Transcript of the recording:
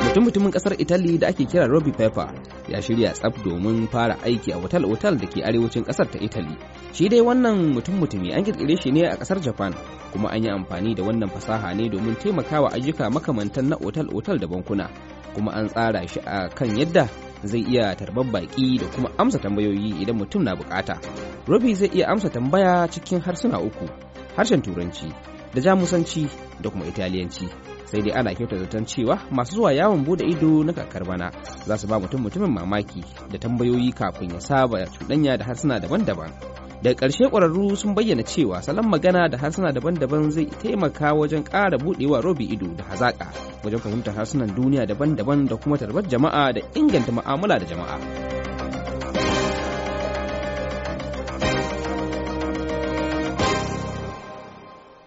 mutum-mutumin kasar italy da ake kira robbie pepper ya shirya tsaf domin fara aiki a otal-otal da ke arewacin kasar ta italy shi dai wannan mutum-mutumi an kirkire shi ne a kasar japan kuma an yi amfani da wannan fasaha ne domin taimakawa ayyuka makamantan na otal-otal da bankuna kuma an tsara shi a kan yadda zai iya tarbar baki da kuma amsa tambayoyi idan mutum na bukata robbie zai iya amsa tambaya cikin harsuna uku harshen turanci da jamusanci da kuma italiyanci sai dai ana kyauta zaton cewa masu zuwa yawon bude ido na kakar bana za su ba mutum mutumin mamaki da tambayoyi kafin ya saba cuɗanya da harsuna daban-daban daga ƙarshe ƙwararru sun bayyana cewa salon magana da harsuna daban-daban zai taimaka wajen ƙara buɗewa robi ido da hazaƙa wajen fahimtar harsunan duniya daban-daban da kuma tarbar jama'a da inganta mu'amala da jama'a.